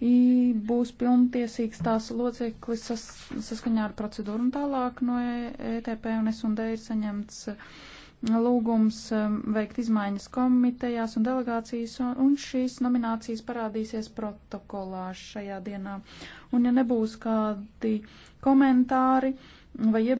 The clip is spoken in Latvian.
būs pilntiesīgs tās loceklis sas, saskaņā ar procedūru un tālāk no ETP un S&D ir saņemts uh, lūgums um, veikt izmaiņas komitejās un delegācijas, un šīs nominācijas parādīsies protokolā šajā dienā. Un ja nebūs kādi komentāri vai